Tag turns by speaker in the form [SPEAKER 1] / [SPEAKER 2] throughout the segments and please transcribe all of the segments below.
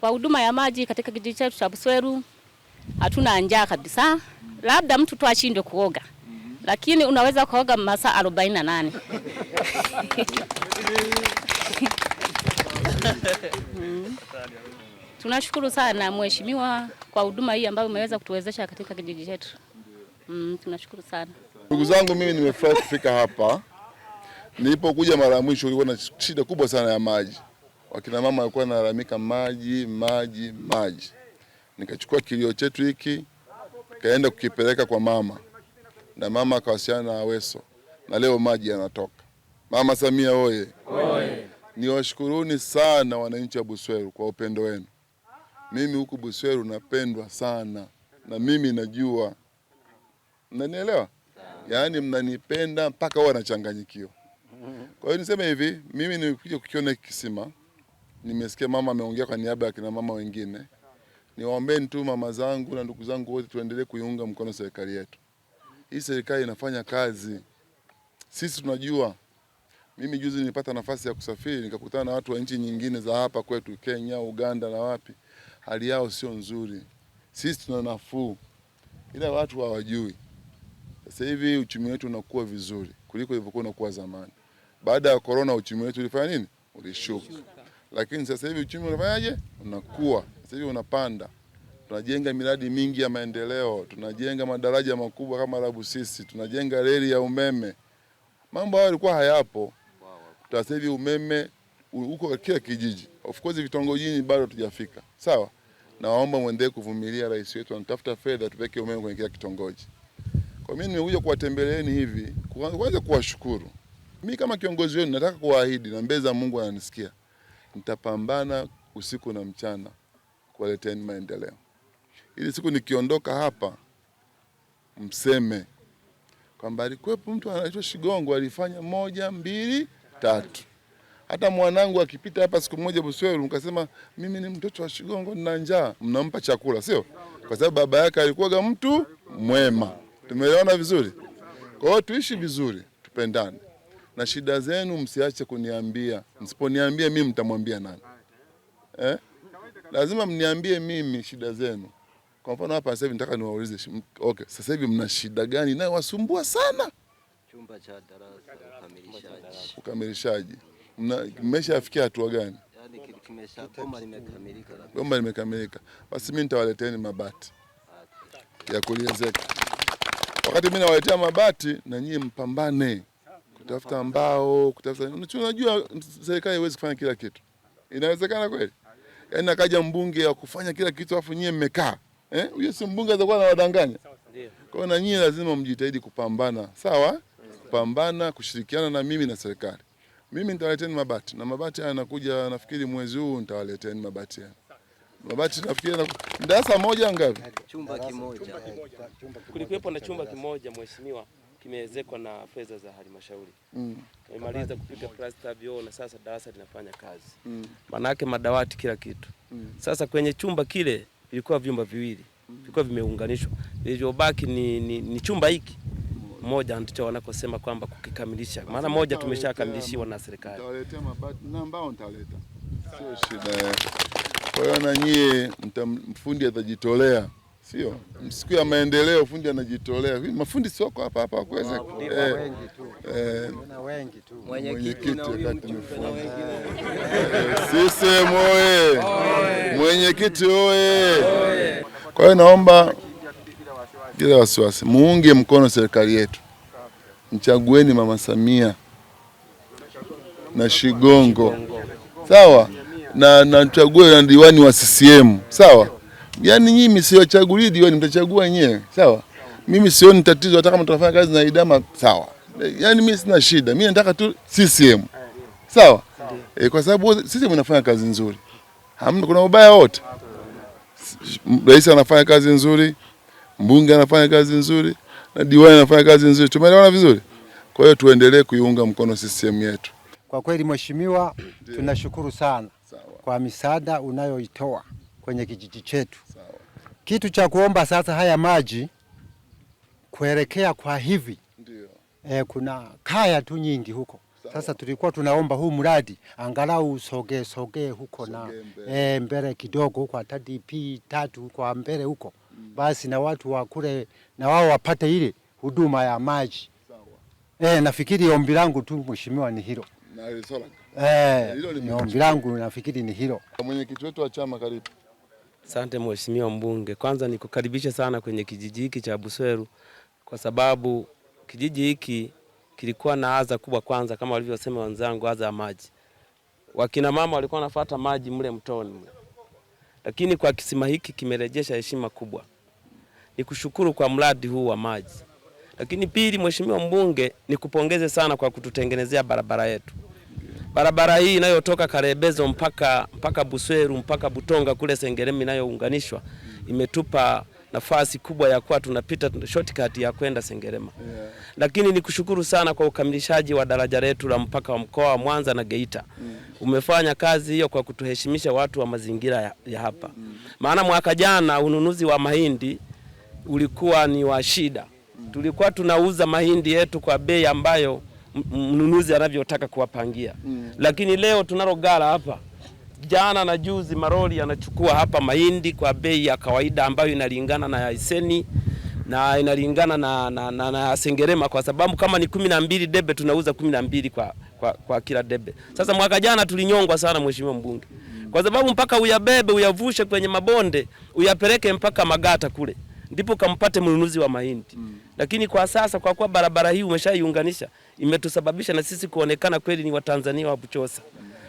[SPEAKER 1] kwa huduma ya maji katika kijiji chetu cha Busweru. Hatuna njaa kabisa, labda mtu tu ashindwe kuoga, lakini unaweza kuoga masaa arobaini na nane. Tunashukuru sana mheshimiwa kwa huduma hii ambayo umeweza kutuwezesha katika kijiji chetu. Mm,
[SPEAKER 2] tunashukuru sana. Ndugu zangu, mimi nimefurahi kufika hapa. Nilipokuja mara ya mwisho kulikuwa na shida kubwa sana ya maji wakina mama walikuwa wanalalamika maji, maji, maji. Nikachukua kilio chetu hiki kaenda kukipeleka kwa mama, na mama akawasiliana na Aweso na leo maji yanatoka. Mama Samia oye! Niwashukuruni sana wananchi wa Busweru kwa upendo wenu. Mimi huku Busweru napendwa sana, na mimi najua, mnanielewa yaani mnanipenda mpaka huwa nachanganyikiwa. Kwa hiyo niseme hivi, mimi nilikuja kukiona kisima Nimesikia mama ameongea kwa niaba ya kina mama wengine. Niwaombeni tu mama zangu na ndugu zangu wote, tuendelee kuiunga mkono serikali yetu. Hii serikali inafanya kazi, sisi tunajua. Mimi juzi nilipata nafasi ya kusafiri nikakutana na watu wa nchi nyingine za hapa kwetu, Kenya, Uganda na wapi, hali yao sio nzuri. Sisi tuna nafuu, ila watu hawajui. Sasa hivi uchumi wetu unakuwa vizuri kuliko ilivyokuwa unakuwa zamani. Baada ya korona, uchumi wetu ulifanya nini? Ulishuka lakini sasa hivi uchumi unafanyaje? Unakuwa sasa hivi unapanda. Tunajenga miradi mingi ya maendeleo, tunajenga madaraja makubwa kama la Busisi, tunajenga reli ya umeme. Mambo hayo yalikuwa hayapo. Sasa hivi umeme uko kila kijiji, of course vitongojini bado tujafika. sawa. Nawaomba mwendelee kuvumilia, rais wetu anatafuta fedha tupeke umeme kwenye kila kitongoji. Kwa mimi nimekuja kuwatembeleeni hivi, kwanza kuwashukuru. Mimi kama kiongozi wenu nataka kuwaahidi na mbele za Mungu ananisikia nitapambana usiku na mchana kuwaleteni maendeleo, ili siku nikiondoka hapa mseme kwamba alikuwepo mtu anaitwa Shigongo alifanya moja mbili tatu. Hata mwanangu akipita hapa siku moja Busweru, nikasema mimi ni mtoto wa Shigongo, nina njaa, mnampa chakula, sio kwa sababu baba yake alikuwaga mtu mwema. Tumeelewana vizuri, kwa hiyo tuishi vizuri, tupendane na shida zenu msiache kuniambia. Msiponiambia mimi mtamwambia nani eh? Lazima mniambie mimi shida zenu. Kwa mfano hapa sasa hivi nataka niwaulize, okay, sasa hivi mna shida gani wasumbua sana? Chumba cha darasa, ukamilishaji, ukamilishaji. Mmeshafikia hatua gani? Yaani bomba limekamilika, basi mimi nitawaleteni mabati ya kuliezeka. Wakati mimi nawaletea mabati, na nyinyi mpambane kutafuta mbao, kutafuta unajua, serikali haiwezi kufanya kila kitu. Inawezekana kweli? Yaani akaja mbunge wa kufanya kila kitu afu nyie mmekaa eh? Huyo si mbunge atakuwa anawadanganya. Kwa hiyo na nyie lazima mjitahidi kupambana, sawa, kupambana kushirikiana na mimi na serikali. Mimi nitawaleteni mabati na mabati haya yanakuja, nafikiri mwezi huu nitawaleteni mabati haya mabati nafikiri darasa moja ngapi? Chumba kimoja
[SPEAKER 3] kulikuwepo na chumba kimoja mheshimiwa kimewezekwa na fedha za halmashauri mm. Tumemaliza kupiga plasta vyoo na sasa darasa linafanya kazi mm. Manake madawati kila kitu mm. Sasa kwenye chumba kile vilikuwa vyumba viwili mm. Vilikuwa vimeunganishwa, vilivyobaki ni, ni, ni chumba hiki moja ndicho wanakosema kwamba kukikamilisha, maana moja tumeshakamilishiwa na serikali.
[SPEAKER 2] na Kwa hiyo na nyie mfundi atajitolea sio siku ya maendeleo, fundi anajitolea. Mafundi si wako hapa hapa kuweza eh, eh. mwenyekiti sisi eh, sisem oye, mwenyekiti oye. Kwa hiyo naomba bila wasiwasi muunge mkono serikali yetu, mchagueni Mama Samia na Shigongo sawa, na na na diwani wa CCM sawa Yaani nyinyi msiwachagulie diwani, mtachagua nyewe, sawa? Mimi sioni tatizo hata kama tutafanya kazi na idama, sawa. Yaani mimi sina shida, mimi nataka tu CCM, sawa? E, kwa sababu CCM inafanya kazi nzuri, hamna kuna ubaya wote. Rais anafanya kazi nzuri, mbunge anafanya kazi nzuri, na diwani anafanya kazi nzuri. Tumeelewana vizuri. Kwa hiyo tuendelee kuiunga mkono CCM yetu.
[SPEAKER 4] Kwa kweli mheshimiwa, tunashukuru sana kwa misaada unayoitoa kwenye kijiji chetu. Kitu cha kuomba sasa, haya maji kuelekea kwa hivi e, kuna kaya tu nyingi huko Sawa. Sasa tulikuwa tunaomba huu mradi angalau usogee sogee huko soge na mbele, e, mbele kidogo kwa hata tatu kwa mbele huko mm. Basi na watu wa kule na wao wapate ile huduma ya maji E, nafikiri ombi langu tu mheshimiwa ni hilo na, e, ombi langu nafikiri ni hilo.
[SPEAKER 2] Mwenyekiti wetu wa chama karibu
[SPEAKER 3] Asante mheshimiwa mbunge, kwanza nikukaribisha sana kwenye kijiji hiki cha Busweru kwa sababu kijiji hiki kilikuwa na adha kubwa. Kwanza kama walivyosema wenzangu, adha ya maji, wakina mama walikuwa wanafuata maji mle mtoni mle, lakini kwa kisima hiki kimerejesha heshima kubwa. Nikushukuru kwa mradi huu wa maji, lakini pili, mheshimiwa mbunge, nikupongeze sana kwa kututengenezea barabara yetu. Barabara hii inayotoka Karebezo mpaka, mpaka Busweru mpaka Butonga kule Sengerema inayounganishwa imetupa nafasi kubwa ya kuwa tunapita shortcut ya kwenda Sengerema yeah. Lakini kushukuru sana kwa ukamilishaji wa daraja letu la mpaka wa mkoa wa Mwanza na Geita mm. Umefanya kazi hiyo kwa kutuheshimisha watu wa mazingira ya, ya hapa mm. maana mm. Mwaka jana ununuzi wa mahindi ulikuwa ni wa shida mm. Tulikuwa tunauza mahindi yetu kwa bei ambayo mnunuzi anavyotaka kuwapangia mm. Lakini leo tunalo gala hapa, jana na juzi maroli yanachukua hapa mahindi kwa bei ya kawaida ambayo inalingana na Iseni na inalingana na, na, na, na Sengerema kwa sababu kama ni kumi na mbili debe tunauza kumi na mbili kwa, kwa, kwa kila debe. Sasa mwaka jana tulinyongwa sana Mheshimiwa Mbunge, kwa sababu mpaka uyabebe uyavushe kwenye mabonde uyapeleke mpaka Magata kule ndipo kampate mnunuzi wa mahindi mm. Lakini kwa sasa kwa kuwa barabara hii umeshaiunganisha, imetusababisha na sisi kuonekana kweli ni Watanzania wa Buchosa.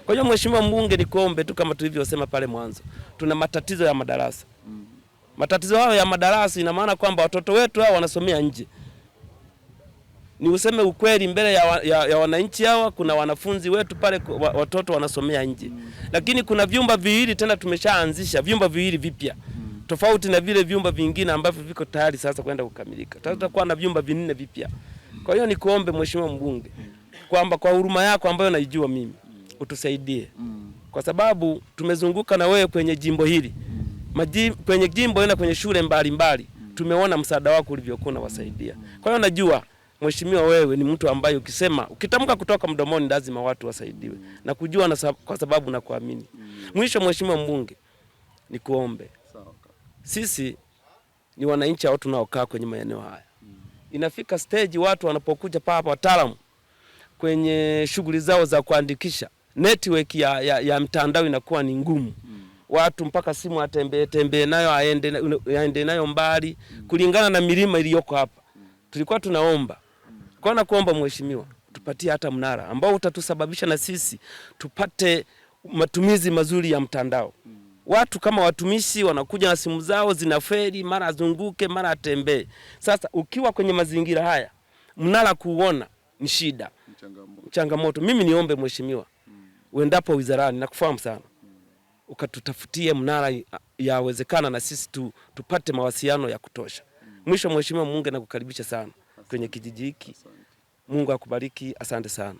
[SPEAKER 3] Kwa hiyo mheshimiwa mbunge, ni kuombe tu kama tulivyosema pale mwanzo, tuna matatizo ya madarasa mm. Matatizo hayo ya madarasa ina maana kwamba watoto wetu hao wanasomea nje. Ni useme ukweli mbele ya, wa, ya, ya wananchi hawa, kuna wanafunzi wetu pale wa, watoto wanasomea nje mm. Lakini kuna vyumba viwili tena tumeshaanzisha vyumba viwili vipya mm tofauti na vile vyumba vingine ambavyo viko tayari sasa kwenda kukamilika. Tutakuwa mm. na vyumba vinne vipya. Kwa hiyo nikuombe mheshimiwa mbunge kwamba kwa huruma yako ambayo naijua mimi mm. utusaidie, mm. kwa sababu tumezunguka na wewe kwenye jimbo hili Maji, kwenye jimbo na kwenye shule mbalimbali mbali. tumeona msaada wako ulivyokuwa unawasaidia. Kwa hiyo najua mheshimiwa, wewe ni mtu ambaye ukisema ukitamka kutoka mdomoni lazima watu wasaidiwe na kujua na, sababu, kwa sababu nakuamini. Mwisho mheshimiwa mbunge, nikuombe sisi ni wananchi au tunaokaa kwenye maeneo haya. Inafika stage watu wanapokuja papa wataalamu kwenye shughuli zao za kuandikisha, network ya, ya, ya mtandao inakuwa ni ngumu Watu mpaka simu atembee tembee nayo aende, aende nayo mbali mm. Kulingana na milima iliyoko hapa mm. Tulikuwa tunaomba kwa na kuomba mheshimiwa, tupatie hata mnara ambao utatusababisha na sisi tupate matumizi mazuri ya mtandao mm watu kama watumishi wanakuja na simu zao zinaferi mara azunguke, mara atembee. Sasa ukiwa kwenye mazingira haya, mnara kuuona ni shida, changamoto. Changamoto mimi niombe mheshimiwa, mm. uendapo wizarani, nakufahamu sana mm. ukatutafutie mnara, yawezekana na sisi tu, tupate mawasiliano ya kutosha mm. Mwisho mheshimiwa, Mungu nakukaribisha sana Asante. kwenye kijiji hiki, Mungu akubariki, asante sana.